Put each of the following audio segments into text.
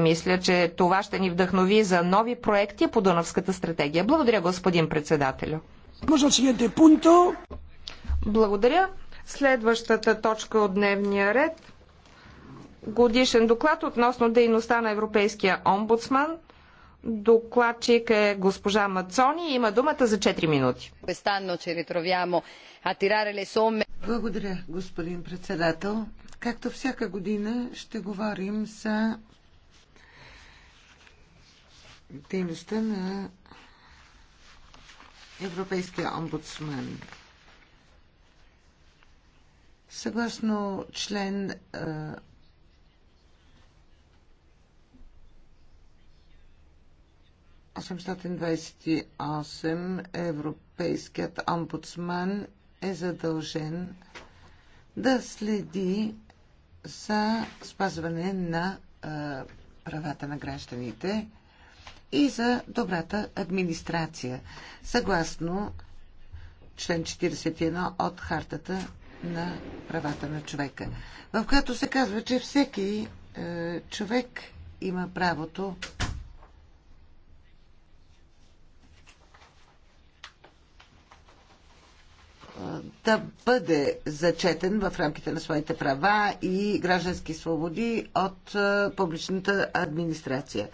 Мисля, че това ще ни вдъхнови за нови проекти по Дунавската стратегия. Благодаря, господин председателю. Благодаря. Следващата точка от дневния ред. Годишен доклад относно дейността на Европейския омбудсман. Докладчик е госпожа Мацони и има думата за 4 минути. Благодаря, господин председател. Както всяка година ще говорим за дейността на Европейския омбудсман. Съгласно член 828 Европейският омбудсман е задължен да следи за спазване на правата на гражданите и за добрата администрация, съгласно член 41 от Хартата на правата на човека, в която се казва, че всеки е, човек има правото да бъде зачетен в рамките на своите права и граждански свободи от е, публичната администрация.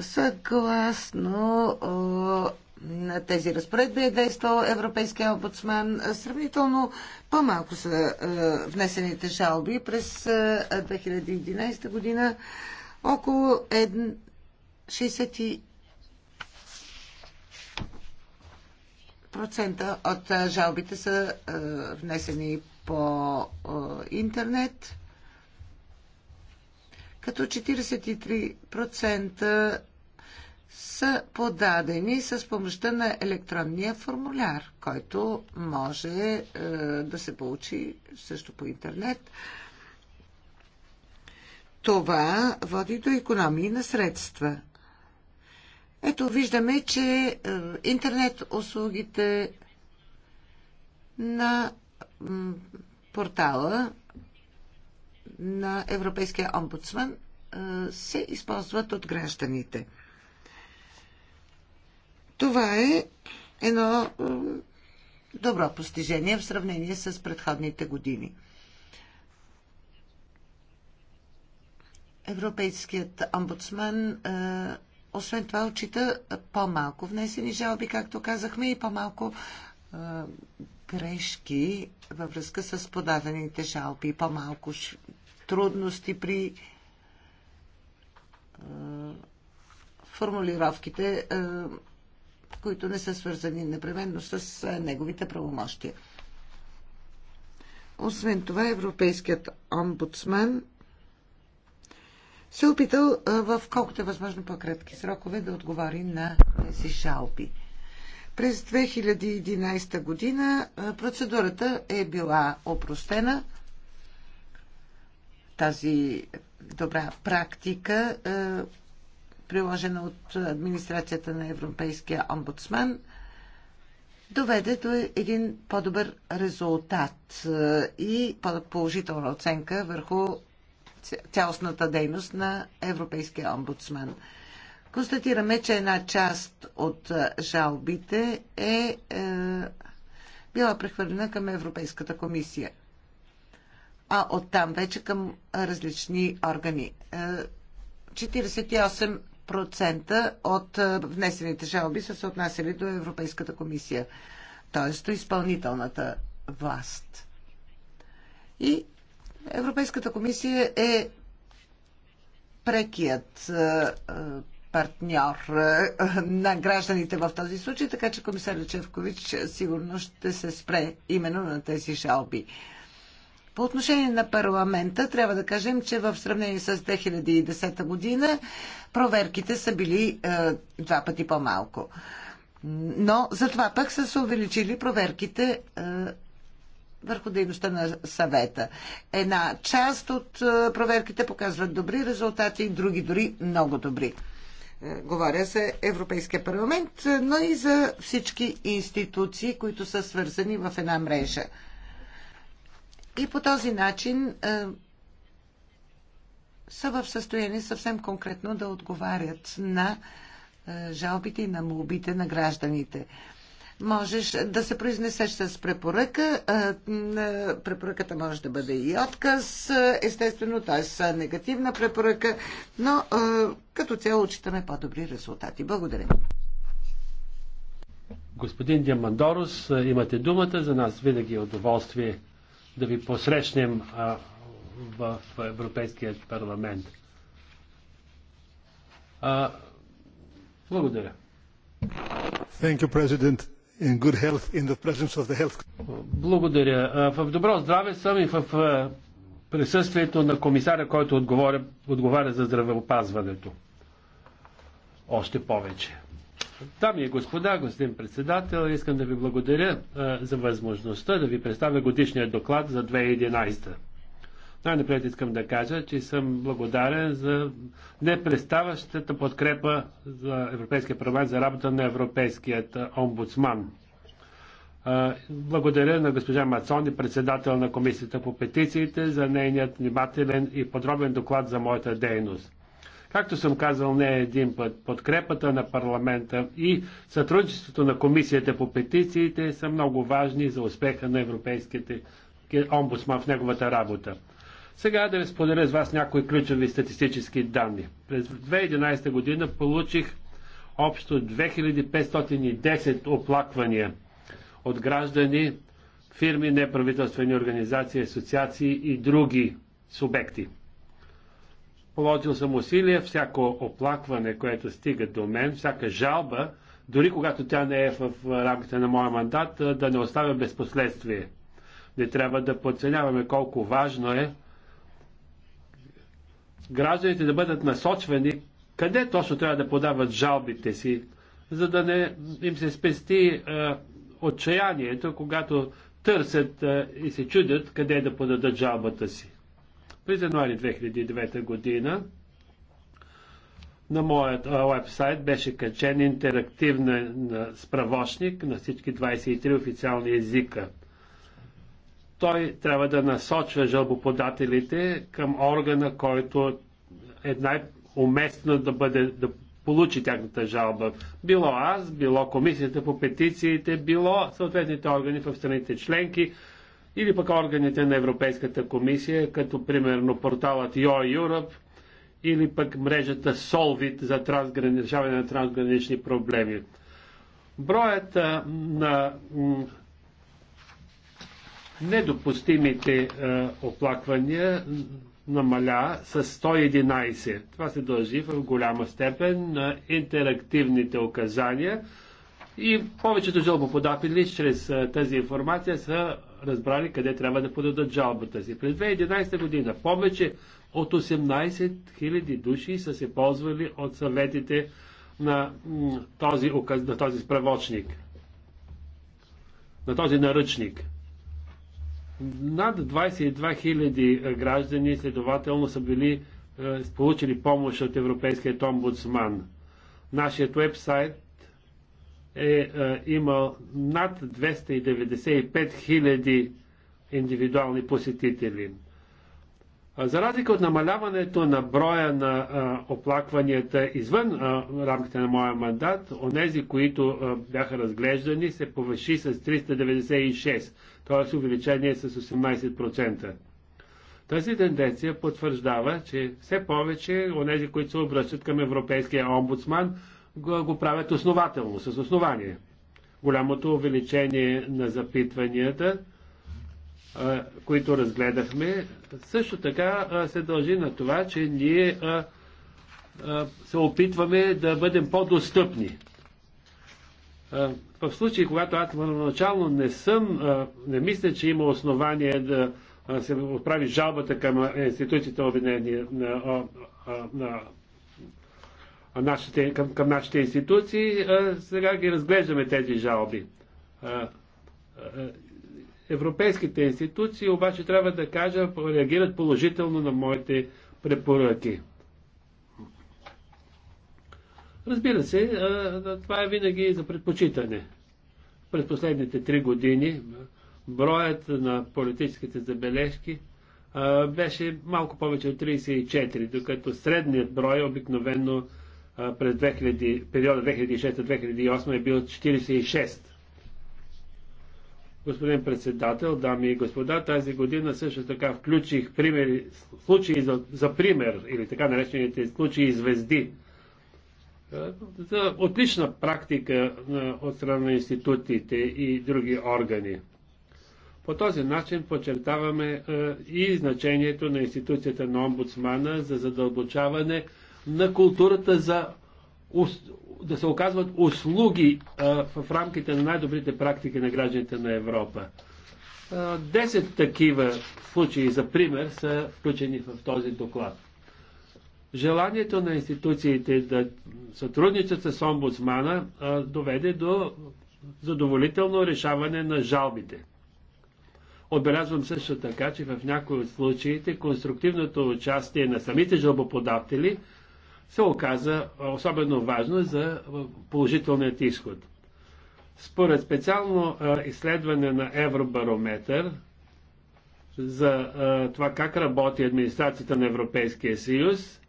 Съгласно на тези разпоредби е действал Европейския омбудсман. Сравнително по-малко са внесените жалби през 2011 година. Около 60 процента от жалбите са внесени по интернет като 43% са подадени с помощта на електронния формуляр, който може е, да се получи също по интернет. Това води до економии на средства. Ето виждаме, че е, интернет услугите на портала на Европейския омбудсман е, се използват от гражданите. Това е едно е, добро постижение в сравнение с предходните години. Европейският омбудсман е, освен това отчита по-малко внесени жалби, както казахме, и по-малко грешки във връзка с подадените жалби, по-малко трудности при е, формулировките, е, които не са свързани непременно с е, неговите правомощия. Освен това, Европейският омбудсмен се опитал в колкото е възможно по-кратки срокове да отговори на тези жалби. През 2011 година процедурата е била опростена тази добра практика, е, приложена от администрацията на Европейския омбудсман, доведе до един по-добър резултат е, и положителна оценка върху цялостната дейност на Европейския омбудсман. Констатираме, че една част от е, жалбите е, е била прехвърлена към Европейската комисия а оттам вече към различни органи. 48% е, от е, внесените жалби са се отнасяли до Европейската комисия, т.е. до изпълнителната власт. И Европейската комисия е прекият е, партньор на гражданите в този случай, така че комисар Лечевкович сигурно ще се спре именно на тези жалби. По отношение на парламента, трябва да кажем, че в сравнение с 2010 година проверките са били е, два пъти по-малко. Но затова пък са се увеличили проверките е, върху дейността на съвета. Една част от е, проверките показват добри резултати, други дори много добри. Е, говоря за Европейския парламент, но и за всички институции, които са свързани в една мрежа. И по този начин е, са в състояние съвсем конкретно да отговарят на е, жалбите и на молбите на гражданите. Можеш да се произнесеш с препоръка. Е, препоръката може да бъде и отказ, естествено, т.е. негативна препоръка, но като цяло отчитаме по-добри резултати. Благодаря. Господин Диамандорос, имате думата. За нас винаги е удоволствие да ви посрещнем а, в Европейския парламент. А, благодаря. Thank you, President. In good health, in the presence of the health. Благодаря. в добро здраве съм и в присъствието на комисаря, който отговоря, отговаря за здравеопазването. Още повече. Дами и господа, господин председател, искам да ви благодаря а, за възможността да ви представя годишния доклад за 2011. Най-напред искам да кажа, че съм благодарен за непреставащата подкрепа за Европейския парламент за работа на Европейският омбудсман. Благодаря на госпожа Мацони, председател на Комисията по петициите, за нейният внимателен и подробен доклад за моята дейност. Както съм казал не един път, подкрепата на парламента и сътрудничеството на комисията по петициите са много важни за успеха на европейските омбудсман в неговата работа. Сега да ви споделя с вас някои ключови статистически данни. През 2011 година получих общо 2510 оплаквания от граждани, фирми, неправителствени организации, асоциации и други субекти. Положил съм усилия, всяко оплакване, което стига до мен, всяка жалба, дори когато тя не е в рамките на моя мандат, да не оставя без последствие. Не трябва да подценяваме колко важно е гражданите да бъдат насочвани къде точно трябва да подават жалбите си, за да не им се спести е, отчаянието, когато търсят е, и се чудят къде да подадат жалбата си. През януари 2009 година на моят вебсайт беше качен интерактивен справочник на всички 23 официални езика. Той трябва да насочва жалбоподателите към органа, който е най-уместно да, бъде, да получи тяхната жалба. Било аз, било комисията по петициите, било съответните органи в страните членки, или пък органите на Европейската комисия, като примерно порталът Yo Europe или пък мрежата Solvit за трансграни... решаване на трансгранични проблеми. Броят на недопустимите оплаквания намаля с 111. Това се дължи в голяма степен на интерактивните указания и повечето жалбоподатели чрез тази информация са разбрали къде трябва да подадат жалбата си. През 2011 година повече от 18 000 души са се ползвали от съветите на този, на този справочник, на този наръчник. Над 22 000 граждани следователно са били е, получили помощ от Европейският омбудсман. Нашият вебсайт е, е имал над 295 хиляди индивидуални посетители. За разлика от намаляването на броя на а, оплакванията извън а, рамките на моя мандат, онези, които а, бяха разглеждани, се повеши с 396, т.е. увеличение с 18%. Тази тенденция потвърждава, че все повече онези, които се обръщат към Европейския омбудсман, го правят основателно, с основание. Голямото увеличение на запитванията, които разгледахме, също така се дължи на това, че ние се опитваме да бъдем по-достъпни. В случай, когато аз първоначално не съм, не мисля, че има основание да се отправи жалбата към институцията на, на, на нашите, към, към нашите институции. Сега ги разглеждаме тези жалби. Европейските институции обаче трябва да кажа, реагират положително на моите препоръки. Разбира се, това е винаги за предпочитане. През последните три години броят на политическите забележки беше малко повече от 34, докато средният брой обикновено през 2000, периода 2006-2008 е бил 46. Господин председател, дами и господа, тази година също така включих примери, случаи за, за пример или така наречените случаи звезди за отлична практика от страна на институтите и други органи. По този начин подчертаваме и значението на институцията на омбудсмана за задълбочаване на културата за да се оказват услуги в рамките на най-добрите практики на гражданите на Европа. Десет такива случаи за пример са включени в този доклад. Желанието на институциите да сътрудничат с омбудсмана доведе до задоволително решаване на жалбите. Отбелязвам също така, че в някои от случаите конструктивното участие на самите жалбоподатели – се оказа особено важно за положителният изход. Според специално изследване на Евробарометър за това как работи администрацията на Европейския съюз,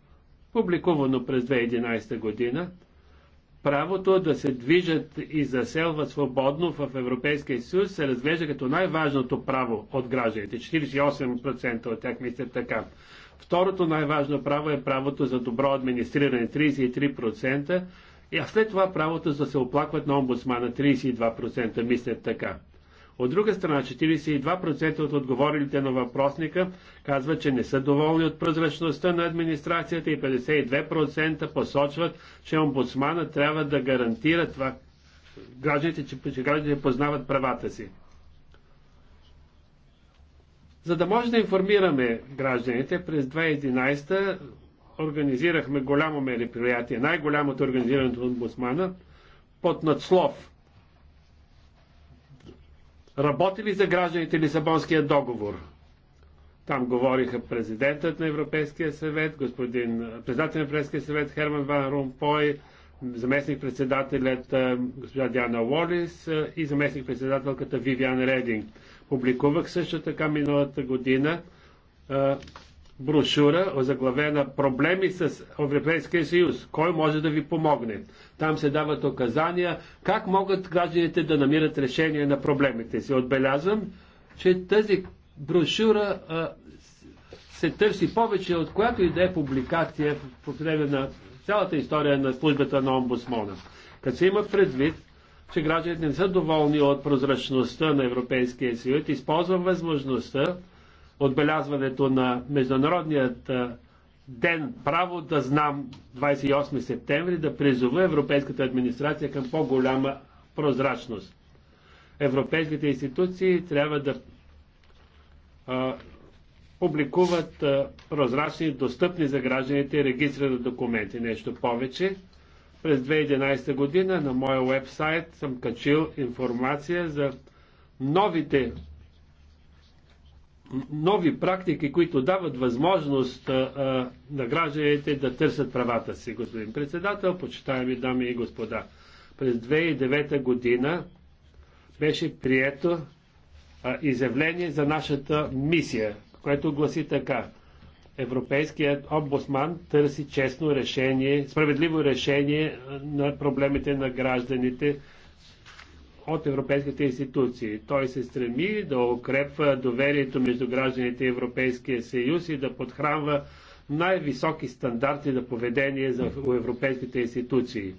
публикувано през 2011 година, правото да се движат и заселват свободно в Европейския съюз се разглежда като най-важното право от гражданите. 48% от тях мислят така. Второто най-важно право е правото за добро администриране 33%, а след това правото за да се оплакват на омбудсмана 32% мислят така. От друга страна, 42% от отговорилите на въпросника казват, че не са доволни от прозрачността на администрацията и 52% посочват, че омбудсмана трябва да гарантира това, гражданите, че, че гражданите познават правата си. За да може да информираме гражданите, през 2011 организирахме голямо мероприятие, най-голямото организирането от омбудсмана, под надслов Работи ли за гражданите Лисабонския договор? Там говориха президентът на Европейския съвет, господин, председател на Европейския съвет Херман Ван Румпой, заместник-председателят госпожа Диана Уолис и заместник-председателката Вивиан Рединг. Публикувах също така миналата година брошура, озаглавена Проблеми с Европейския съюз. Кой може да ви помогне? Там се дават указания как могат гражданите да намират решение на проблемите си. Отбелязвам, че тази брошура а, се търси повече от която и да е публикация по време на цялата история на службата на омбусмона. Като се има предвид, че гражданите не са доволни от прозрачността на Европейския съюз. Използвам възможността отбелязването на Международният ден право да знам 28 септември да призова Европейската администрация към по-голяма прозрачност. Европейските институции трябва да а, публикуват а, прозрачни, достъпни за гражданите регистри на документи. Нещо повече. През 2011 година на моя вебсайт съм качил информация за новите нови практики, които дават възможност а, а, на гражданите да търсят правата си, господин председател, почитаеми дами и господа. През 2009 година беше прието а, изявление за нашата мисия, което гласи така. Европейският омбудсман търси честно решение, справедливо решение на проблемите на гражданите от европейските институции. Той се стреми да укрепва доверието между гражданите и Европейския съюз и да подхранва най-високи стандарти на поведение за европейските институции.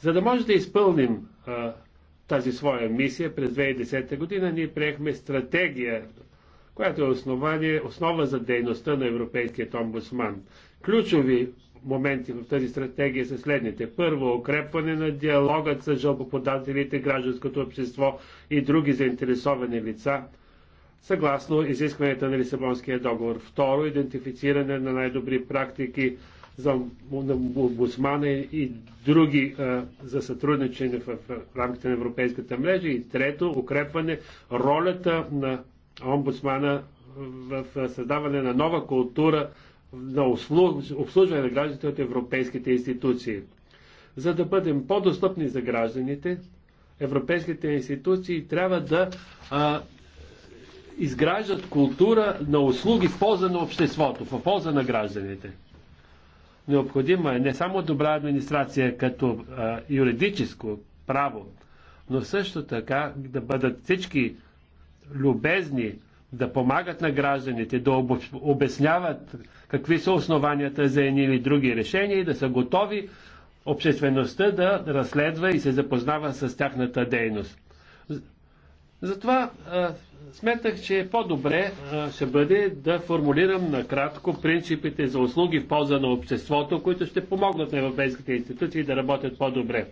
За да може да изпълним а, тази своя мисия през 2010 година, ние приехме стратегия която е основание, основа за дейността на Европейският омбудсман. Ключови моменти в тази стратегия са следните. Първо, укрепване на диалогът с жалбоподателите, гражданското общество и други заинтересовани лица, съгласно изискванията на Лисабонския договор. Второ, идентифициране на най-добри практики за омбудсмана и други а, за сътрудничане в, в рамките на Европейската мрежа. И трето, укрепване ролята на омбудсмана в създаване на нова култура на обслужване на гражданите от европейските институции. За да бъдем по-достъпни за гражданите, европейските институции трябва да а, изграждат култура на услуги в полза на обществото, в полза на гражданите. Необходима е не само добра администрация като а, юридическо право, но също така да бъдат всички любезни да помагат на гражданите, да обясняват какви са основанията за едни или други решения и да са готови обществеността да разследва и се запознава с тяхната дейност. Затова а, че е по-добре ще бъде да формулирам накратко принципите за услуги в полза на обществото, които ще помогнат на европейските институции да работят по-добре.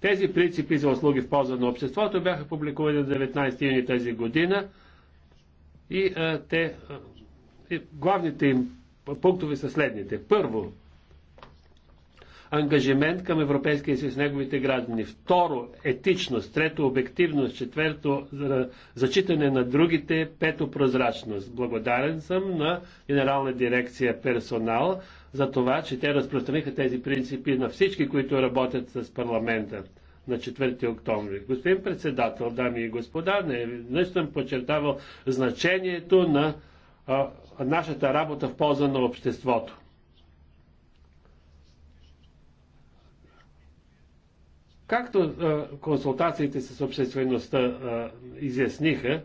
Тези принципи за услуги в полза на обществото бяха публикувани на 19 юни тази година и а, те, а, главните им пунктове са следните. Първо, ангажимент към Европейския съюз с неговите граждани. Второ, етичност. Трето, обективност. Четвърто, зачитане на другите. Пето, прозрачност. Благодарен съм на Генерална дирекция персонал за това, че те разпространиха тези принципи на всички, които работят с парламента на 4 октомври. Господин председател, дами и господа, не съм подчертавал значението на а, нашата работа в полза на обществото. Както а, консултациите с обществеността а, изясниха,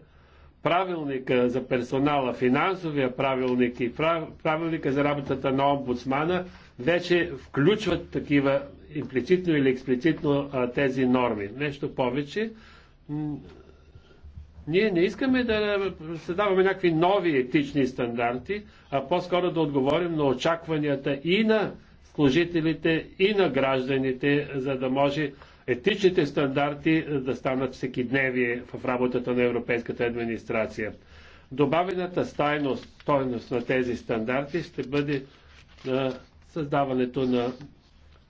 правилника за персонала, финансовия правилник и правилника за работата на омбудсмана вече включват такива имплицитно или експлицитно тези норми. Нещо повече. Ние не искаме да създаваме някакви нови етични стандарти, а по-скоро да отговорим на очакванията и на служителите, и на гражданите, за да може етичните стандарти е, да станат всекидневие в работата на Европейската администрация. Добавената стойност, стойност на тези стандарти ще бъде на е, създаването на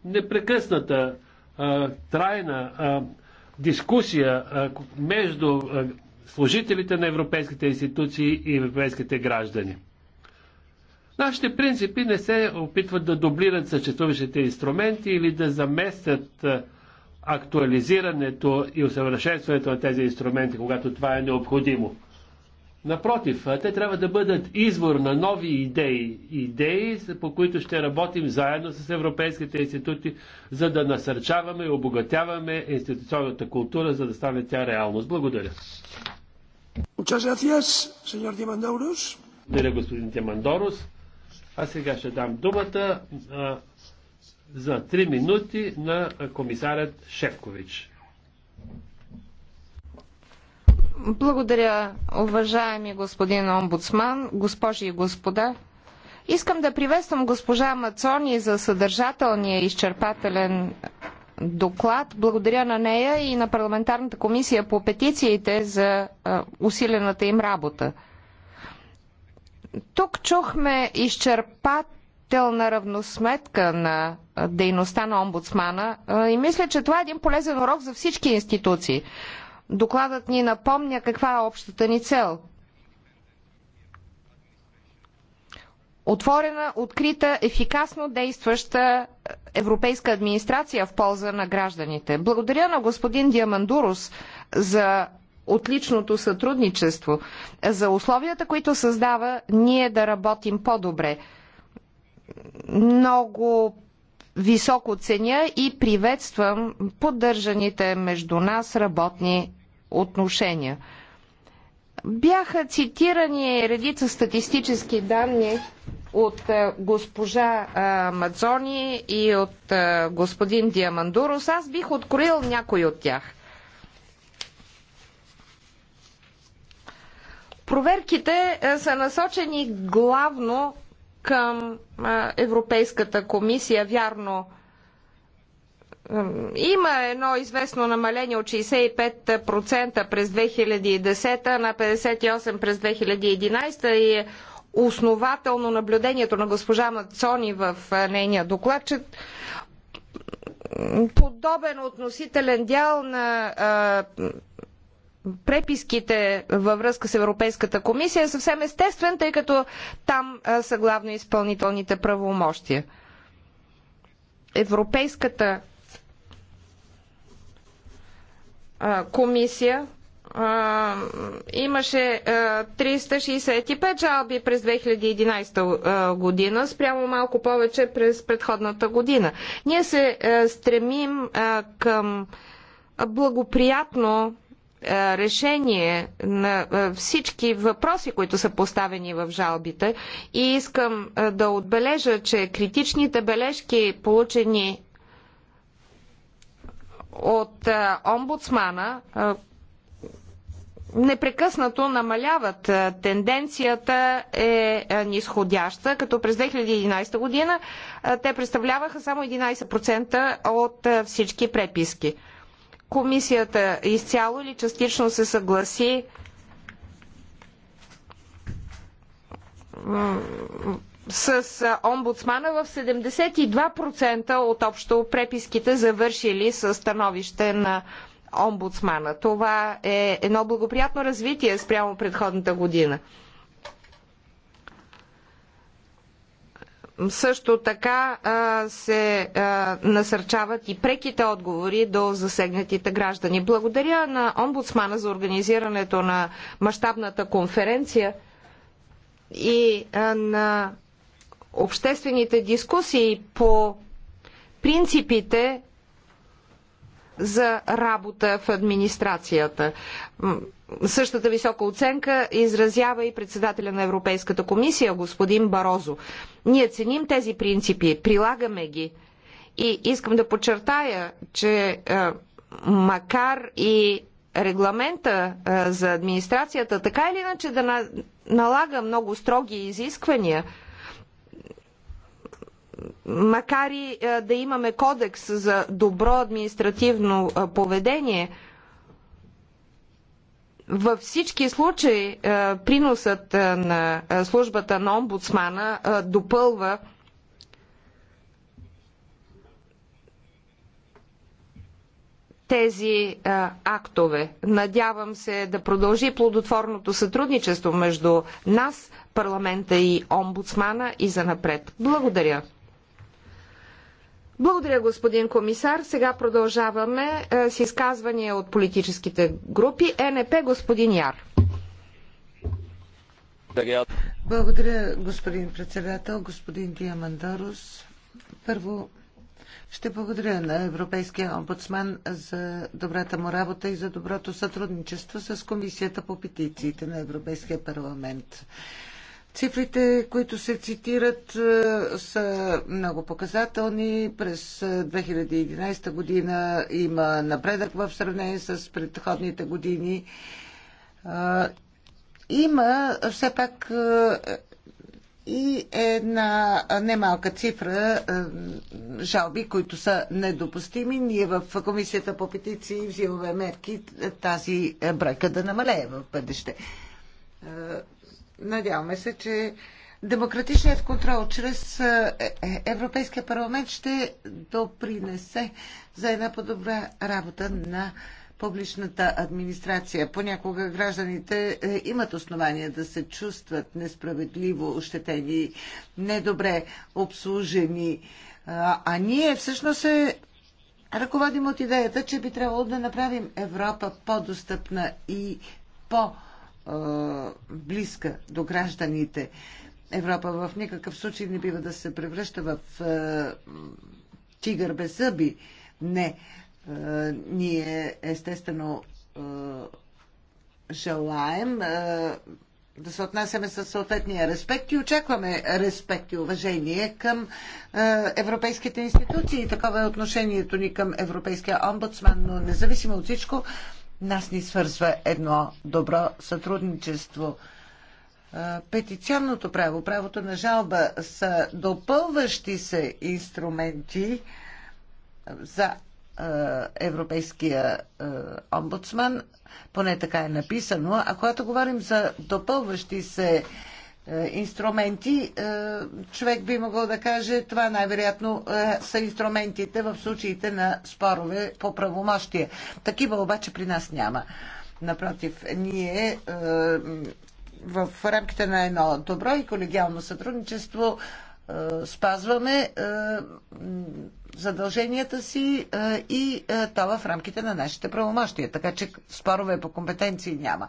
непрекъсната, а, е, трайна а, дискусия а, между а, служителите на европейските институции и европейските граждани. Нашите принципи не се опитват да дублират съществуващите инструменти или да заместят а, актуализирането и усъвършенстването на тези инструменти, когато това е необходимо. Напротив, те трябва да бъдат извор на нови идеи. Идеи, по които ще работим заедно с европейските институти, за да насърчаваме и обогатяваме институционната култура, за да стане тя реалност. Благодаря. Благодаря, господин Демандорос. А сега ще дам думата за 3 минути на комисарят Шепкович. Благодаря, уважаеми господин омбудсман, госпожи и господа. Искам да приветствам госпожа Мацони за съдържателния изчерпателен доклад. Благодаря на нея и на парламентарната комисия по петициите за усилената им работа. Тук чухме изчерпателен на равносметка на дейността на омбудсмана и мисля, че това е един полезен урок за всички институции. Докладът ни напомня каква е общата ни цел. Отворена, открита, ефикасно действаща европейска администрация в полза на гражданите. Благодаря на господин Диамандурус за отличното сътрудничество, за условията, които създава ние да работим по-добре много високо ценя и приветствам поддържаните между нас работни отношения. Бяха цитирани редица статистически данни от е, госпожа е, Мацони и от е, господин Диамандурос. Аз бих откроил някой от тях. Проверките са насочени главно към Европейската комисия. Вярно, има едно известно намаление от 65% през 2010 на 58% през 2011 и е основателно наблюдението на госпожа Мацони в нейния доклад, че подобен относителен дял на преписките във връзка с Европейската комисия е съвсем естествен, тъй като там са главно изпълнителните правомощия. Европейската комисия имаше 365 жалби през 2011 година, спрямо малко повече през предходната година. Ние се стремим към благоприятно е, решение на е, всички въпроси, които са поставени в жалбите и искам е, да отбележа, че критичните бележки, получени от омбудсмана, непрекъснато намаляват. Тенденцията е нисходяща, като през 2011 година те представляваха само 11% от всички преписки. Комисията изцяло или частично се съгласи с омбудсмана в 72% от общо преписките завършили с становище на омбудсмана. Това е едно благоприятно развитие спрямо предходната година. също така се насърчават и преките отговори до засегнатите граждани. Благодаря на омбудсмана за организирането на мащабната конференция и на обществените дискусии по принципите за работа в администрацията същата висока оценка изразява и председателя на Европейската комисия, господин Барозо. Ние ценим тези принципи, прилагаме ги и искам да подчертая, че е, макар и регламента е, за администрацията, така или иначе да налага много строги изисквания, макар и е, да имаме кодекс за добро административно поведение – във всички случаи е, приносът е, на е, службата на омбудсмана допълва тези актове. Надявам се да продължи плодотворното сътрудничество между нас, парламента и омбудсмана и занапред. Благодаря. Благодаря, господин комисар. Сега продължаваме е, с изказвания от политическите групи. Е НП, господин Яр. Благодаря, господин председател, господин Диамандорус. Първо, ще благодаря на Европейския омбудсман за добрата му работа и за доброто сътрудничество с Комисията по петициите на Европейския парламент. Цифрите, които се цитират, е, са много показателни. През 2011 е, година има напредък в сравнение с предходните години. Е, има все пак и една немалка цифра жалби, които са недопустими. Ние в Комисията по петиции взимаме мерки тази бройка да намалее в бъдеще. Надяваме се, че демократичният контрол чрез е, е, Европейския парламент ще допринесе за една по-добра работа на публичната администрация. Понякога гражданите е, имат основания да се чувстват несправедливо ощетени, недобре обслужени. А ние всъщност се ръководим от идеята, че би трябвало да направим Европа по-достъпна и по-достъпна близка до гражданите. Европа в никакъв случай не бива да се превръща в тигър без зъби. Не. Ние естествено желаем да се отнасяме с съответния респект и очакваме респект и уважение към европейските институции. Такова е отношението ни към Европейския омбудсман, но независимо от всичко, нас ни свързва едно добро сътрудничество. Петиционното право, правото на жалба са допълващи се инструменти за Европейския омбудсман, поне така е написано. А когато говорим за допълващи се е, инструменти, е, човек би могъл да каже, това най-вероятно е, са инструментите в случаите на спорове по правомощие. Такива обаче при нас няма. Напротив, ние в рамките на едно добро и колегиално сътрудничество спазваме задълженията си и то в рамките на нашите правомощия. Така че спорове по компетенции няма.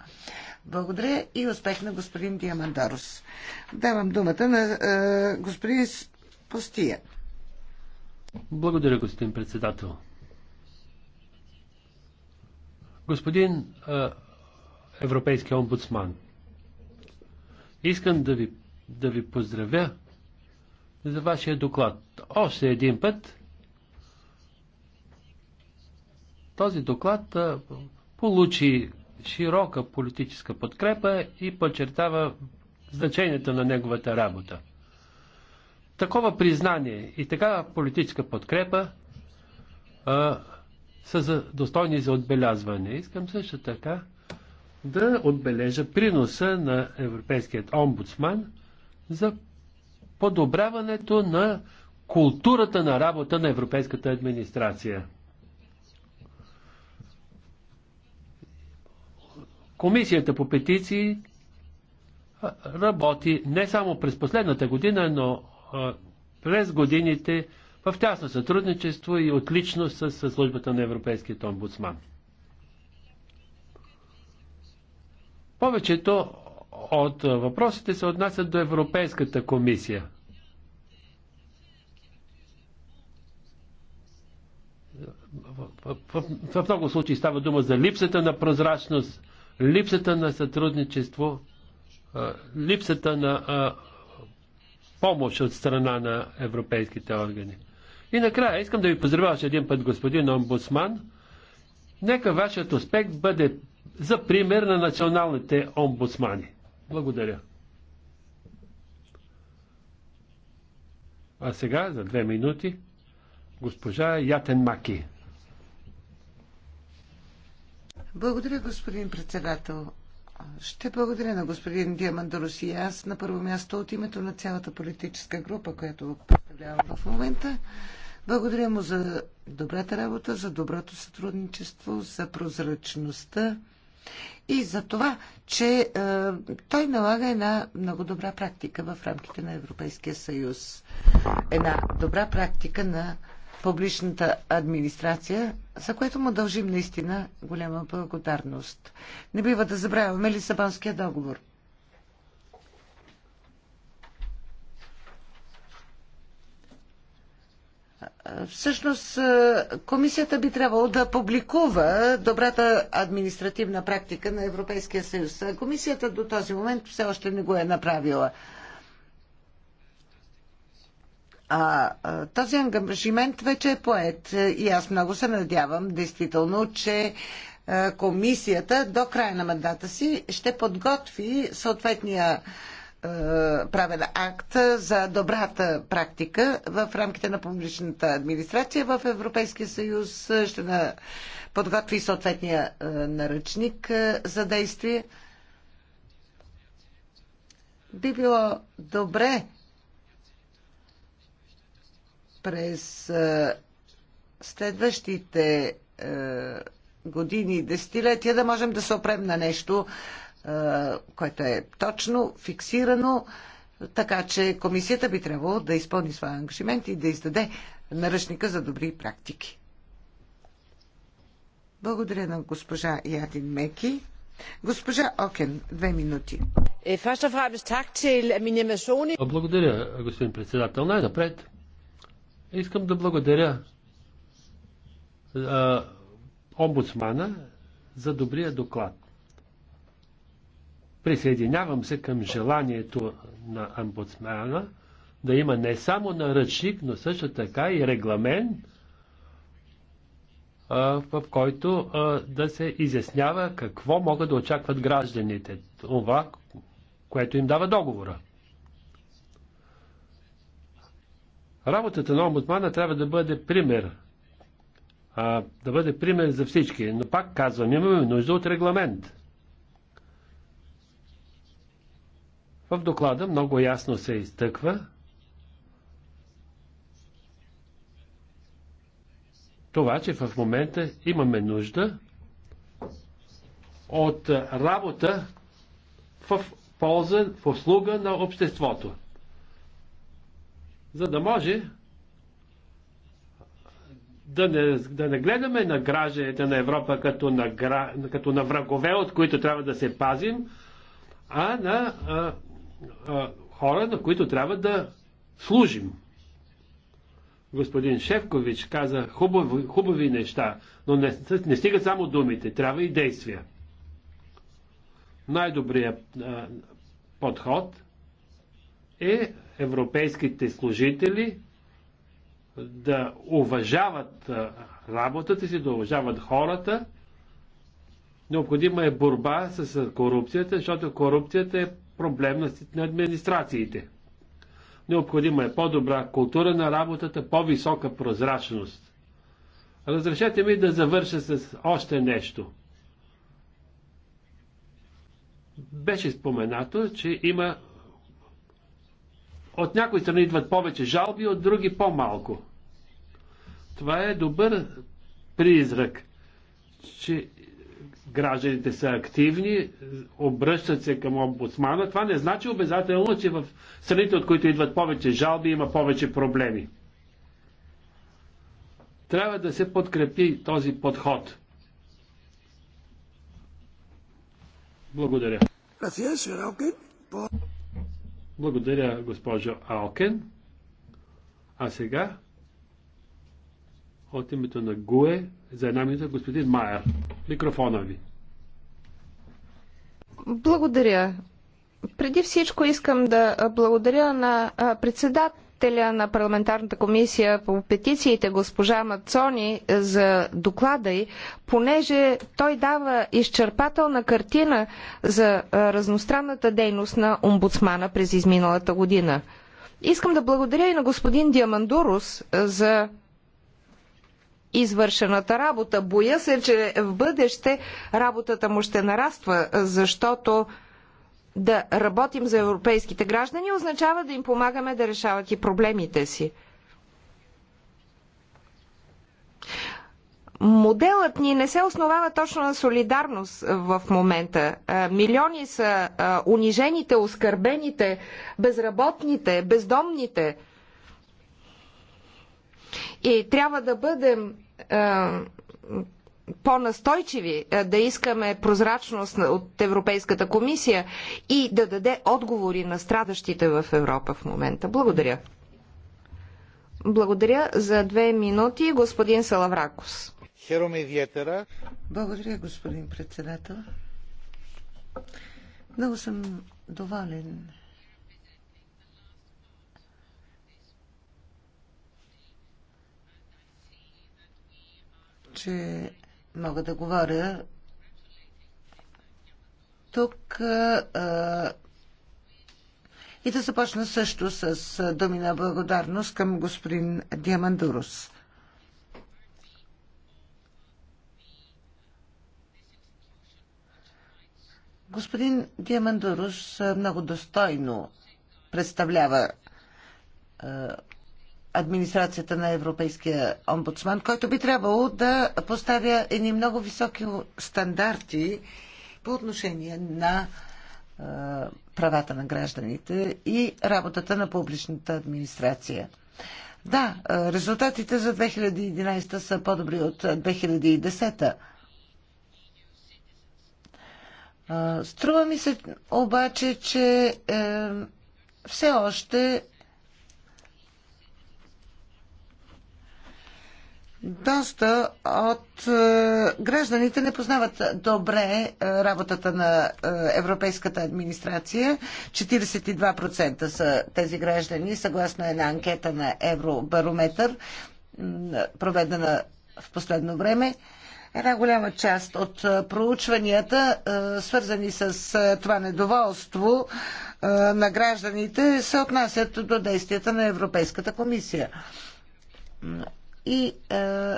Благодаря и успех на господин Диамандарос. Давам думата на е, господин Постия. Благодаря, господин председател. Господин е, Европейски омбудсман, искам да ви, да ви поздравя за вашия доклад. Още един път този доклад е, получи широка политическа подкрепа и подчертава значението на неговата работа. Такова признание и такава политическа подкрепа а, са за, достойни за отбелязване. Искам също така да отбележа приноса на Европейският омбудсман за подобряването на културата на работа на Европейската администрация. Комисията по петиции работи не само през последната година, но през годините в тясно сътрудничество и отлично с службата на Европейският омбудсман. Повечето от въпросите се отнасят до Европейската комисия. В, в, в, в много случаи става дума за липсата на прозрачност, липсата на сътрудничество, липсата на помощ от страна на европейските органи. И накрая искам да ви поздравя още един път, господин омбудсман. Нека вашият успех бъде за пример на националните омбудсмани. Благодаря. А сега, за две минути, госпожа Ятен Маки. Благодаря, господин председател. Ще благодаря на господин Диамандорос и аз на първо място от името на цялата политическа група, която представлявам в момента. Благодаря му за добрата работа, за доброто сътрудничество, за прозрачността и за това, че е, той налага една много добра практика в рамките на Европейския съюз. Една добра практика на публичната администрация, за което му дължим наистина голяма благодарност. Не бива да забравяме Лисабонския договор. Всъщност, комисията би трябвало да публикува добрата административна практика на Европейския съюз. Комисията до този момент все още не го е направила. А, а този ангажимент вече е поет и аз много се надявам, действително, че а, комисията до края на мандата си ще подготви съответния правен акт за добрата практика в рамките на публичната администрация в Европейския съюз. Ще на подготви съответния наръчник за действие. Би било добре през следващите години и десетилетия да можем да се опрем на нещо, което е точно, фиксирано, така че комисията би трябвало да изпълни своя ангажимент и да издаде наръчника за добри практики. Благодаря на госпожа Ядин Меки. Госпожа Окен, две минути. Е, Благодаря, господин председател. Най-напред Искам да благодаря а, омбудсмана за добрия доклад. Присъединявам се към желанието на омбудсмана да има не само наръчник, но също така и регламент, в който да се изяснява какво могат да очакват гражданите. Това, което им дава договора. Работата на омбудмана трябва да бъде пример. А, да бъде пример за всички. Но пак казвам, имаме нужда от регламент. В доклада много ясно се изтъква това, че в момента имаме нужда от работа в полза, в услуга на обществото за да може да не, да не гледаме на гражданите на Европа като на, гра, като на врагове, от които трябва да се пазим, а на а, а, хора, на които трябва да служим. Господин Шевкович каза хубави, хубави неща, но не, не стигат само думите, трябва и действия. Най-добрият подход е европейските служители да уважават работата си, да уважават хората. Необходима е борба с корупцията, защото корупцията е проблем на администрациите. Необходима е по-добра култура на работата, по-висока прозрачност. Разрешете ми да завърша с още нещо. Беше споменато, че има от някои страни идват повече жалби, от други по-малко. Това е добър призрак, че гражданите са активни, обръщат се към омбудсмана. Това не значи обязателно, че в страните, от които идват повече жалби, има повече проблеми. Трябва да се подкрепи този подход. Благодаря. Gracias, благодаря, госпожо Алкен. А сега, от името на ГУЕ, за една минута, господин Майер. Микрофона ви. Благодаря. Преди всичко искам да благодаря на председател председателя на парламентарната комисия по петициите госпожа Мацони за доклада й, понеже той дава изчерпателна картина за разностранната дейност на омбудсмана през изминалата година. Искам да благодаря и на господин Диамандурус за извършената работа. Боя се, че в бъдеще работата му ще нараства, защото да работим за европейските граждани, означава да им помагаме да решават и проблемите си. Моделът ни не се основава точно на солидарност в момента. Е, милиони са е, унижените, оскърбените, безработните, бездомните. И трябва да бъдем е, по-настойчиви, е, да искаме прозрачност от Европейската комисия и да даде отговори на страдащите в Европа в момента. Благодаря. Благодаря за две минути, господин Салавракос. Благодаря, господин председател. Много съм доволен че мога да говоря тук а, и да започна също с думи на благодарност към господин Диамандурус. Господин Диамандурус много достойно представлява администрацията на Европейския омбудсман, който би трябвало да поставя едни много високи стандарти по отношение на правата на гражданите и работата на публичната администрация. Да, резултатите за 2011 са по-добри от 2010. Струва ми се обаче, че е, все още Доста от е, гражданите не познават добре е, работата на е, Европейската администрация. 42% са тези граждани, съгласно една анкета на Евробарометър, проведена в последно време. Една голяма част от проучванията, свързани с това недоволство на гражданите, се отнасят до действията на Европейската комисия и е,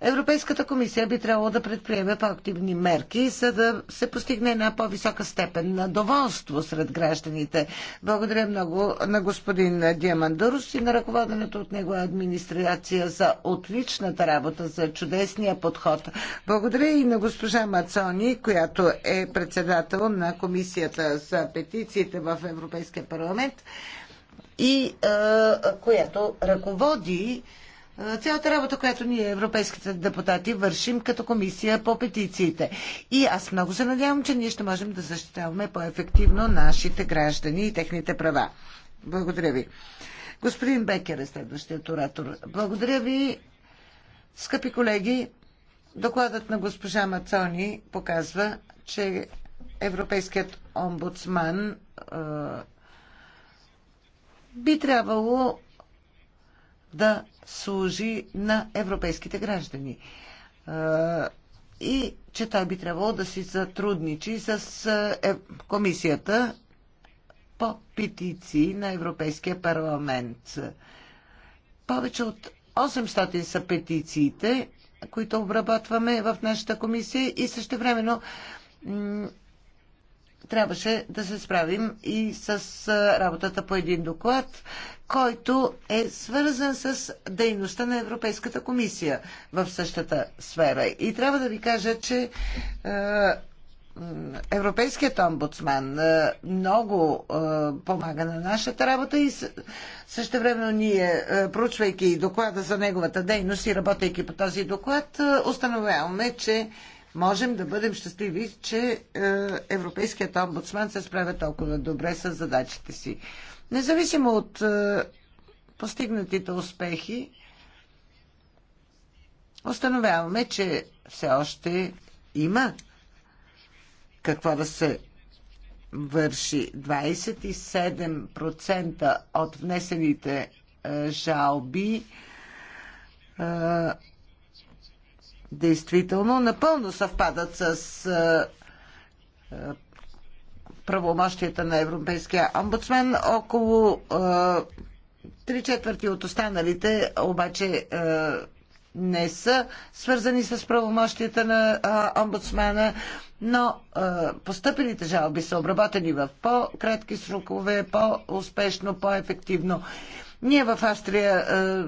Европейската комисия би трябвало да предприеме по-активни мерки, за да се постигне една по-висока степен на доволство сред гражданите. Благодаря много на господин Диамандурус и на ръководената от него администрация за отличната работа, за чудесния подход. Благодаря и на госпожа Мацони, която е председател на Комисията за петициите в Европейския парламент и е, която ръководи цялата работа, която ние, европейските депутати, вършим като комисия по петициите. И аз много се надявам, че ние ще можем да защитаваме по-ефективно нашите граждани и техните права. Благодаря ви. Господин Бекер е следващият оратор. Благодаря ви, скъпи колеги. Докладът на госпожа Мацони показва, че Европейският омбудсман би трябвало да служи на европейските граждани. И че той би трябвало да си сътрудничи с е, комисията по петиции на Европейския парламент. Повече от 800 са петициите, които обработваме в нашата комисия и също времено трябваше да се справим и с работата по един доклад, който е свързан с дейността на Европейската комисия в същата сфера. И трябва да ви кажа, че Европейският омбудсман много помага на нашата работа и също времено ние, проучвайки доклада за неговата дейност и работейки по този доклад, установяваме, че можем да бъдем щастливи, че е, Европейският омбудсман се справя толкова добре с задачите си. Независимо от е, постигнатите успехи, установяваме, че все още има какво да се върши. 27% от внесените е, жалби действително напълно съвпадат с е, е, правомощията на Европейския омбудсмен. Около е, три четвърти от останалите обаче не са свързани с правомощията на а, но а, постъпилите жалби са обработени в по-кратки срокове, по-успешно, по-ефективно. Ние в Австрия а,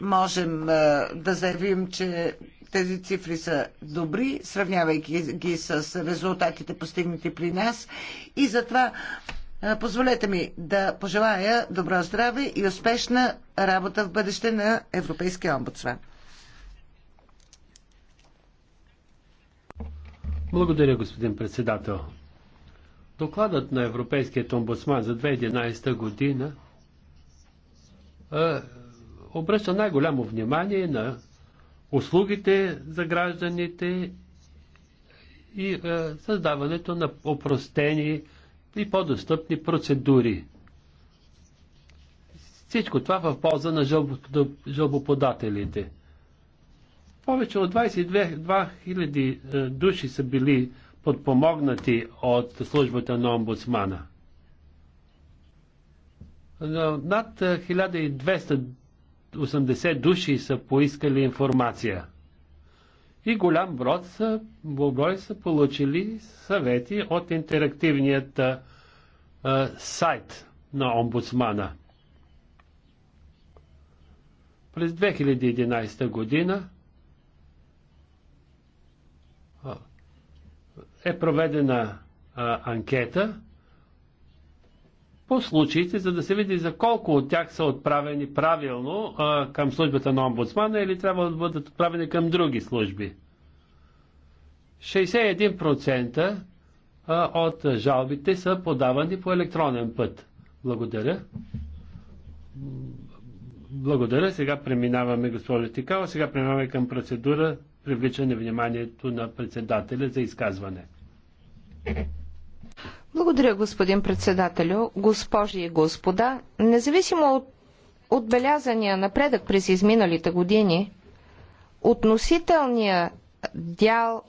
можем а, да заявим, че тези цифри са добри, сравнявайки ги с резултатите постигнати при нас. И затова позволете ми да пожелая добро здраве и успешна работа в бъдеще на Европейския омбудсман. Благодаря, господин председател. Докладът на Европейският омбудсман за 2011 година е, обръща най-голямо внимание на услугите за гражданите и е, създаването на опростени и по-достъпни процедури. Всичко това в полза на жълбоподателите. Повече от 22 000 е, души са били подпомогнати от службата на омбудсмана. Е, над 1200 е, 80 души са поискали информация. И голям брод са, брой са получили съвети от интерактивният а, сайт на омбудсмана. През 2011 година е проведена а, анкета по случаите, за да се види за колко от тях са отправени правилно а, към службата на омбудсмана или трябва да бъдат отправени към други служби. 61% от жалбите са подавани по електронен път. Благодаря. Благодаря. Сега преминаваме, госпожо Тикава, сега преминаваме към процедура привличане вниманието на председателя за изказване. Благодаря, господин председателю. Госпожи и господа, независимо от отбелязания напредък през изминалите години, относителният дял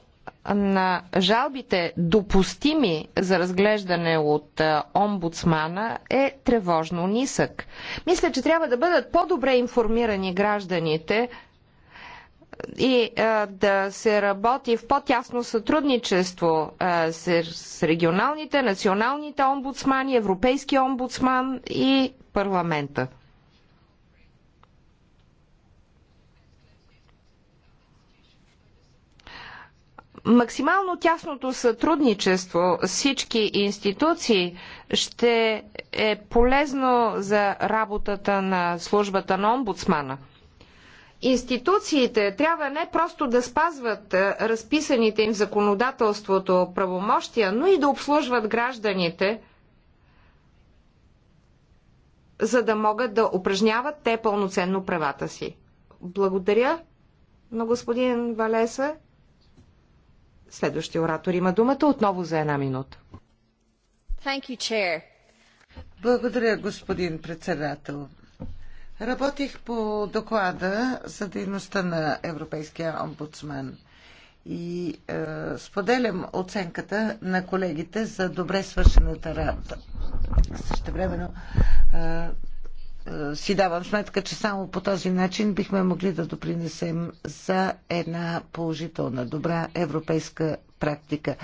на жалбите допустими за разглеждане от омбудсмана е тревожно нисък. Мисля, че трябва да бъдат по-добре информирани гражданите и а, да се работи в по-тясно сътрудничество а, с, с регионалните, националните омбудсмани, Европейски омбудсман и парламента. максимално тясното сътрудничество с всички институции ще е полезно за работата на службата на омбудсмана институциите трябва не просто да спазват разписаните им в законодателството правомощия, но и да обслужват гражданите, за да могат да упражняват те пълноценно правата си. Благодаря на господин Валеса. Следващия оратор има думата отново за една минута. Thank you, chair. Благодаря, господин председател. Работих по доклада за дейността на Европейския омбудсман и е, споделям оценката на колегите за добре свършената работа. Също времено е, е, си давам сметка, че само по този начин бихме могли да допринесем за една положителна, добра европейска практика.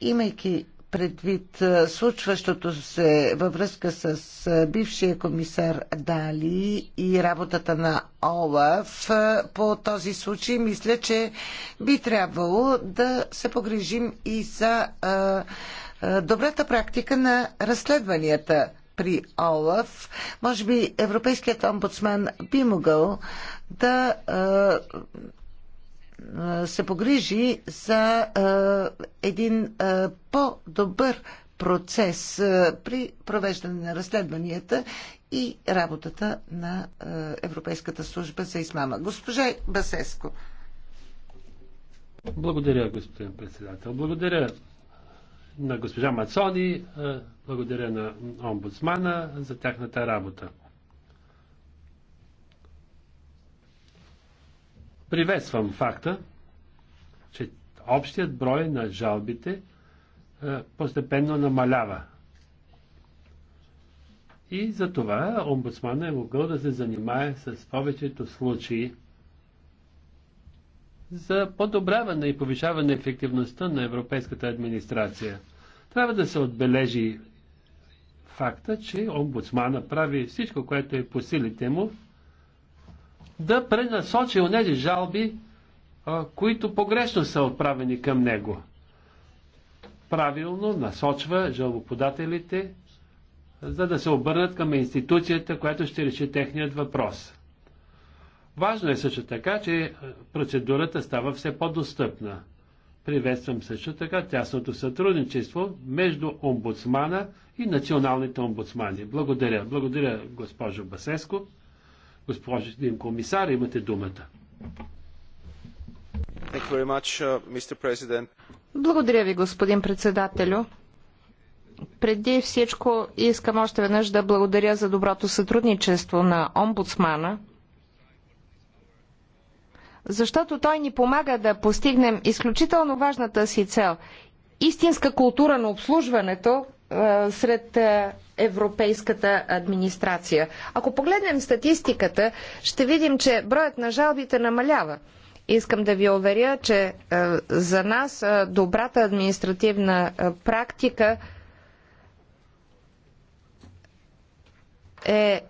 Имайки предвид случващото се във връзка с бившия комисар Дали и работата на Олаф по този случай, мисля, че би трябвало да се погрежим и за добрата практика на разследванията при Олаф. Може би Европейският омбудсман би могъл да се погрижи за един по-добър процес при провеждане на разследванията и работата на Европейската служба за измама. Госпожа Басеско. Благодаря, господин председател. Благодаря на госпожа Мацони, благодаря на омбудсмана за тяхната работа. Приветствам факта, че общият брой на жалбите е, постепенно намалява. И за това омбудсмана е могъл да се занимае с повечето случаи за подобряване и повишаване ефективността на европейската администрация. Трябва да се отбележи факта, че омбудсмана прави всичко, което е по силите му, да пренасочи онези жалби, които погрешно са отправени към него. Правилно насочва жалбоподателите, за да се обърнат към институцията, която ще реши техният въпрос. Важно е също така, че процедурата става все по-достъпна. Приветствам също така тясното сътрудничество между омбудсмана и националните омбудсмани. Благодаря. Благодаря, госпожо Басеско. Господин комисар, имате думата. Uh, благодаря ви, господин председателю. Преди всичко искам още веднъж да благодаря за доброто сътрудничество на омбудсмана, защото той ни помага да постигнем изключително важната си цел истинска култура на обслужването е, сред е, европейската администрация. Ако погледнем статистиката, ще видим, че броят на жалбите намалява. Искам да ви уверя, че е, за нас добрата административна практика е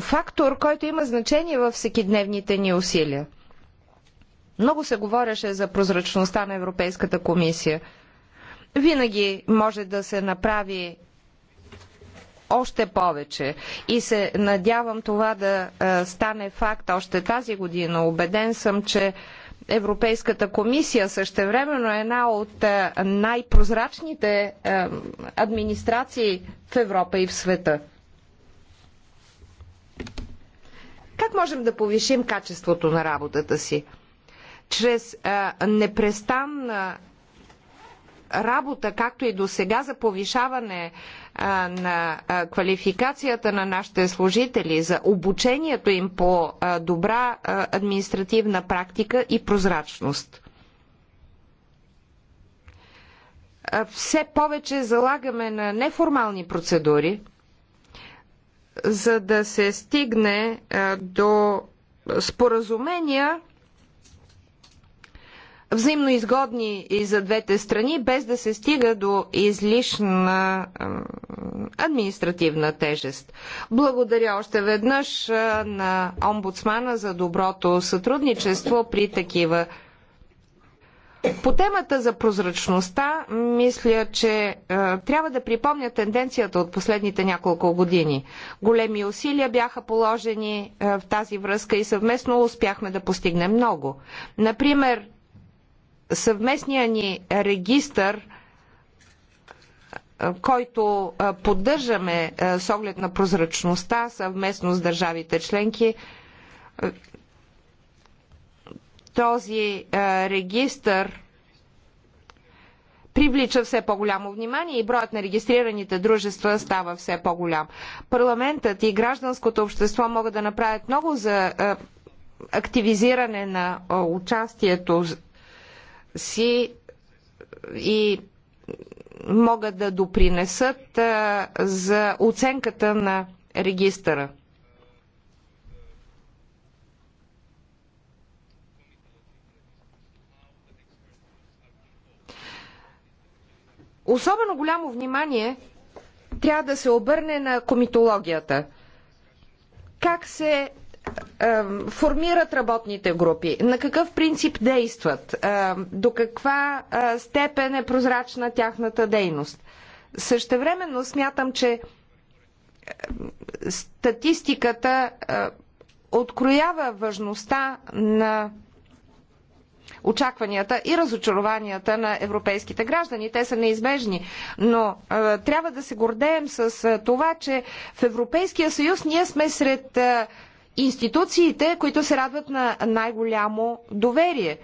фактор, който има значение във всекидневните ни усилия. Много се говореше за прозрачността на Европейската комисия – винаги може да се направи още повече и се надявам това да стане факт още тази година. Обеден съм, че Европейската комисия същевременно е една от най-прозрачните администрации в Европа и в света. Как можем да повишим качеството на работата си? Чрез непрестанна работа, както и до сега, за повишаване на квалификацията на нашите служители, за обучението им по добра административна практика и прозрачност. все повече залагаме на неформални процедури, за да се стигне до споразумения, взаимно изгодни и за двете страни, без да се стига до излишна административна тежест. Благодаря още веднъж на омбудсмана за доброто сътрудничество при такива. По темата за прозрачността, мисля, че е, трябва да припомня тенденцията от последните няколко години. Големи усилия бяха положени е, в тази връзка и съвместно успяхме да постигнем много. Например, съвместния ни регистър, който поддържаме с оглед на прозрачността съвместно с държавите членки, този регистър привлича все по-голямо внимание и броят на регистрираните дружества става все по-голям. Парламентът и гражданското общество могат да направят много за активизиране на участието си и могат да допринесат за оценката на регистъра. Особено голямо внимание трябва да се обърне на комитологията. Как се формират работните групи, на какъв принцип действат, до каква степен е прозрачна тяхната дейност. Същевременно смятам, че статистиката откроява важността на очакванията и разочарованията на европейските граждани. Те са неизбежни, но трябва да се гордеем с това, че в Европейския съюз ние сме сред институциите, които се радват на най-голямо доверие.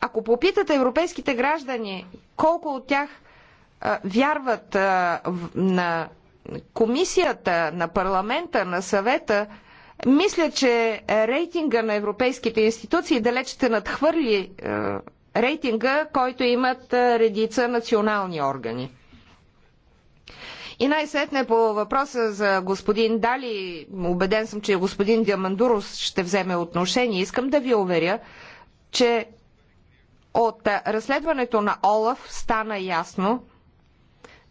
Ако попитате европейските граждани колко от тях а, вярват а, в, на комисията, на парламента, на съвета, мисля, че рейтинга на европейските институции далеч ще надхвърли е, рейтинга, който имат редица национални органи. И най-сетне по въпроса за господин Дали, убеден съм, че господин Диамандуров ще вземе отношение. Искам да ви уверя, че от разследването на Олаф стана ясно,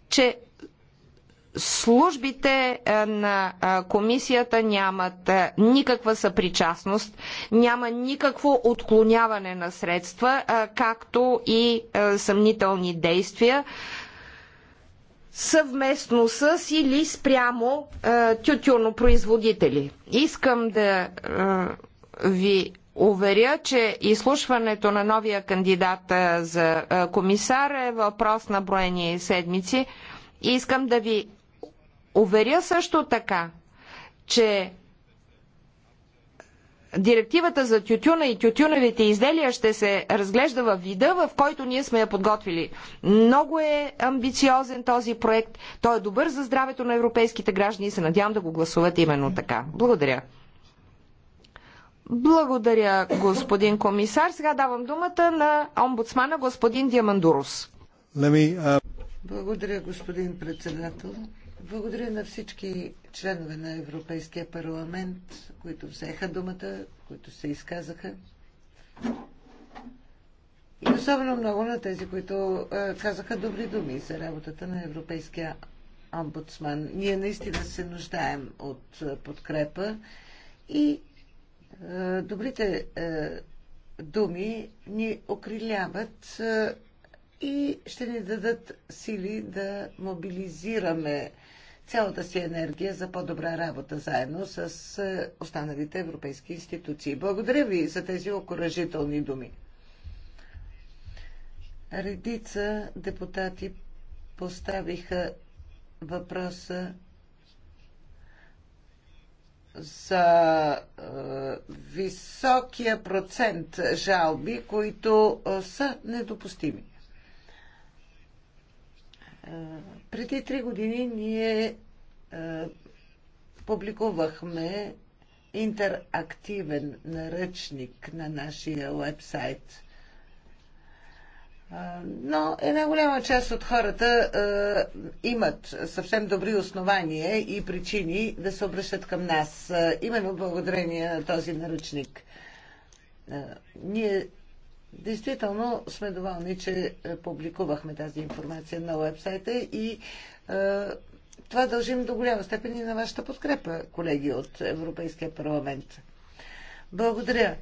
че службите на комисията нямат никаква съпричастност, няма никакво отклоняване на средства, както и съмнителни действия съвместно с или спрямо е, тютюнопроизводители. Искам да е, ви уверя, че изслушването на новия кандидат е, за комисар е въпрос на броени седмици. Искам да ви уверя също така, че директивата за тютюна и тютюневите изделия ще се разглежда във вида, в който ние сме я подготвили. Много е амбициозен този проект. Той е добър за здравето на европейските граждани и се надявам да го гласуват именно така. Благодаря. Благодаря, господин комисар. Сега давам думата на омбудсмана господин Диамандурус. Uh, Благодаря, господин председател. Благодаря на всички членове на Европейския парламент, които взеха думата, които се изказаха. И особено много на тези, които е, казаха добри думи за работата на Европейския омбудсман. Ние наистина се нуждаем от е, подкрепа и е, добрите думи ни окриляват и ще ни дадат сили да мобилизираме цялата си енергия за по-добра работа заедно с е, останалите европейски институции. Благодаря ви за тези окоръжителни думи. Редица депутати поставиха въпроса за е, високия процент жалби, които е, са недопустими. Преди три години ние е, публикувахме интерактивен наръчник на нашия вебсайт. Но една голяма част от хората е, имат съвсем добри основания и причини да се обръщат към нас, е, именно благодарение на този наръчник. Е, ние Действително сме доволни, че е, публикувахме тази информация на уебсайта и е, това дължим до голяма степен и на вашата подкрепа, колеги от Европейския парламент. Благодаря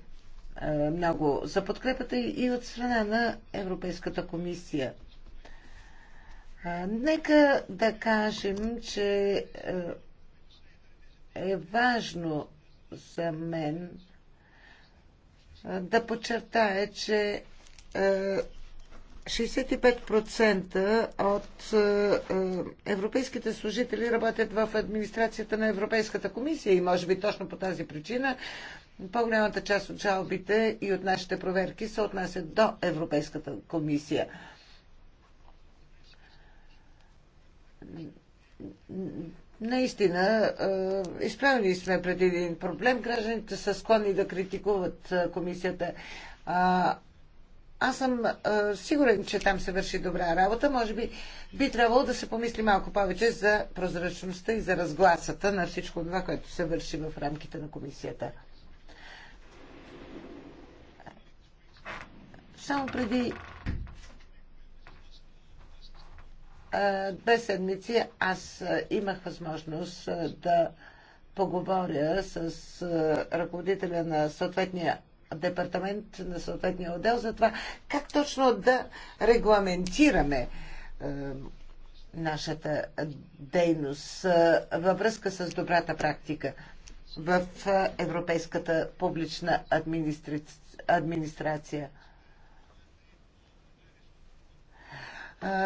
е, много за подкрепата и от страна на Европейската комисия. Нека да кажем, че е важно за мен да подчертая, че 65% е, от е, е, европейските служители работят в администрацията на Европейската комисия и може би точно по тази причина по-голямата част от жалбите и от нашите проверки се отнасят до Европейската комисия. Наистина, изправили сме пред един проблем. Гражданите са склонни да критикуват комисията. Аз съм сигурен, че там се върши добра работа. Може би би трябвало да се помисли малко повече за прозрачността и за разгласата на всичко това, което се върши в рамките на комисията. Само преди две седмици аз имах възможност да поговоря с ръководителя на съответния департамент, на съответния отдел за това как точно да регламентираме нашата дейност във връзка с добрата практика в европейската публична администрация.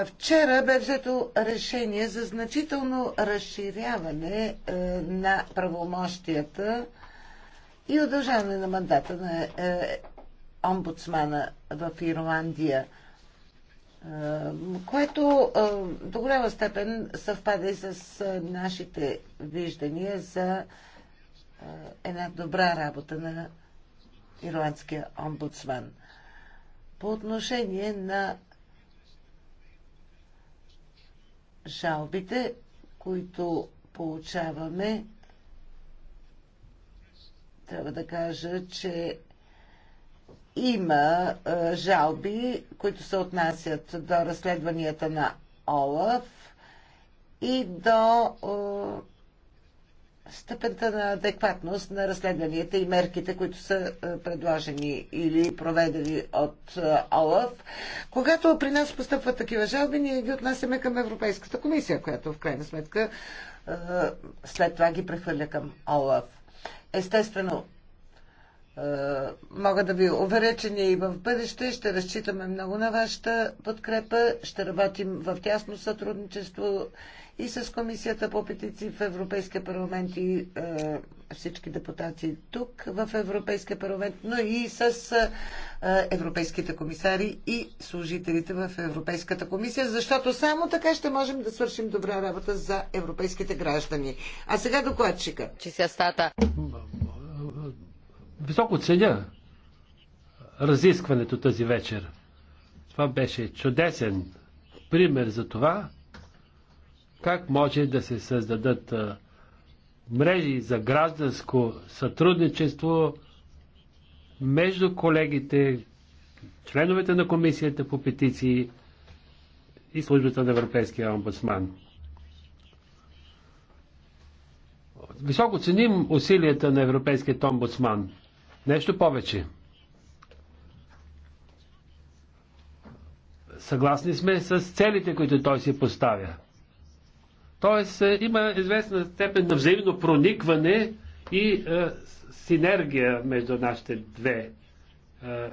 Вчера бе взето решение за значително разширяване е, на правомощията и удължаване на мандата на е, омбудсмана в Ирландия, е, което до голяма степен съвпада и с нашите виждания за една добра работа на ирландския омбудсман. По отношение на жалбите, които получаваме, трябва да кажа, че има е, жалби, които се отнасят до разследванията на ОЛАФ и до е, степента на адекватност на разследванията и мерките, които са е, предложени или проведени от е, ОЛАФ. Когато при нас постъпват такива жалби, ние ги отнасяме към Европейската комисия, която в крайна сметка е, след това ги прехвърля към ОЛАФ. Естествено, мога да ви уверя, че ние и в бъдеще ще разчитаме много на вашата подкрепа, ще работим в тясно сътрудничество и с Комисията по петиции в Европейския парламент и е, всички депутати тук в Европейския парламент, но и с е, европейските комисари и служителите в Европейската комисия, защото само така ще можем да свършим добра работа за европейските граждани. А сега докладчика. Че се стата. Високо ценя разискването тази вечер. Това беше чудесен пример за това, как може да се създадат мрежи за гражданско сътрудничество между колегите, членовете на комисията по петиции и службата на Европейския омбудсман. Високо ценим усилията на Европейският омбудсман. Нещо повече. Съгласни сме с целите, които той си поставя. Тоест е, има известна степен на взаимно проникване и е, синергия между нашите две е, е,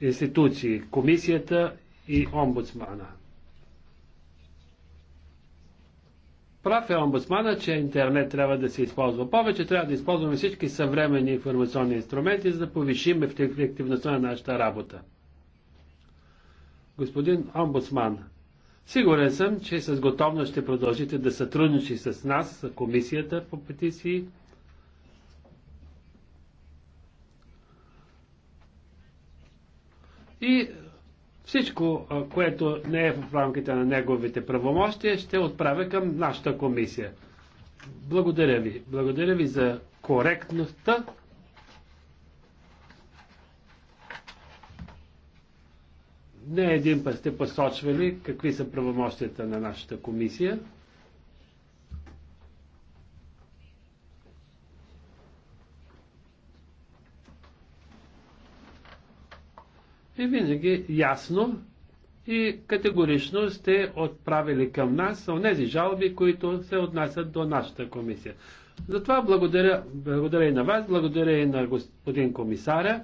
институции комисията и омбудсмана. Прав е омбудсмана, че интернет трябва да се използва повече, трябва да използваме всички съвременни информационни инструменти, за да повишим ефективността на нашата работа. Господин омбудсман, Сигурен съм, че с готовност ще продължите да сътрудничи с нас, с комисията по петиции. И всичко, което не е в рамките на неговите правомощия, ще отправя към нашата комисия. Благодаря ви. Благодаря ви за коректността не един път сте посочвали какви са правомощията на нашата комисия. И винаги ясно и категорично сте отправили към нас тези жалби, които се отнасят до нашата комисия. Затова благодаря, благодаря и на вас, благодаря и на господин комисаря,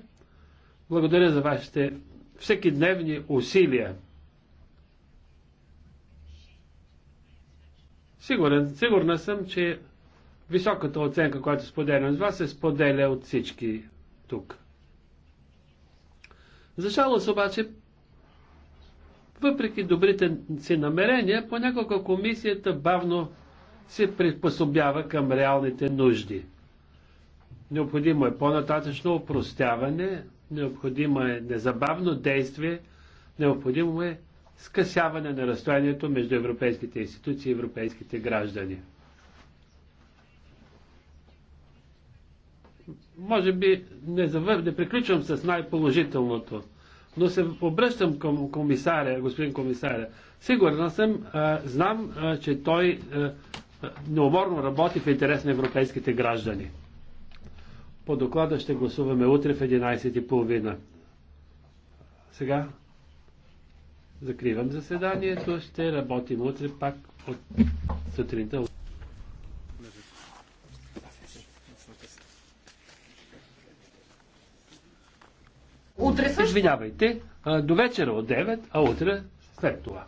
благодаря за вашите всеки дневни усилия. Сигурен, сигурна съм, че високата оценка, която споделям с вас, се споделя от всички тук. За жалост обаче, въпреки добрите си намерения, понякога комисията бавно се приспособява към реалните нужди. Необходимо е по-нататъчно опростяване, необходимо е незабавно действие, необходимо е скъсяване на разстоянието между европейските институции и европейските граждани. Може би не, завър... не приключвам с най-положителното, но се обръщам към комисаря, господин комисаря. Сигурна съм, а, знам, а, че той а, неуморно работи в интерес на европейските граждани. По доклада ще гласуваме утре в 11.30. Сега закривам заседанието. Ще работим утре пак от сутринта. Утре също? Извинявайте, до вечера от 9, а утре след това.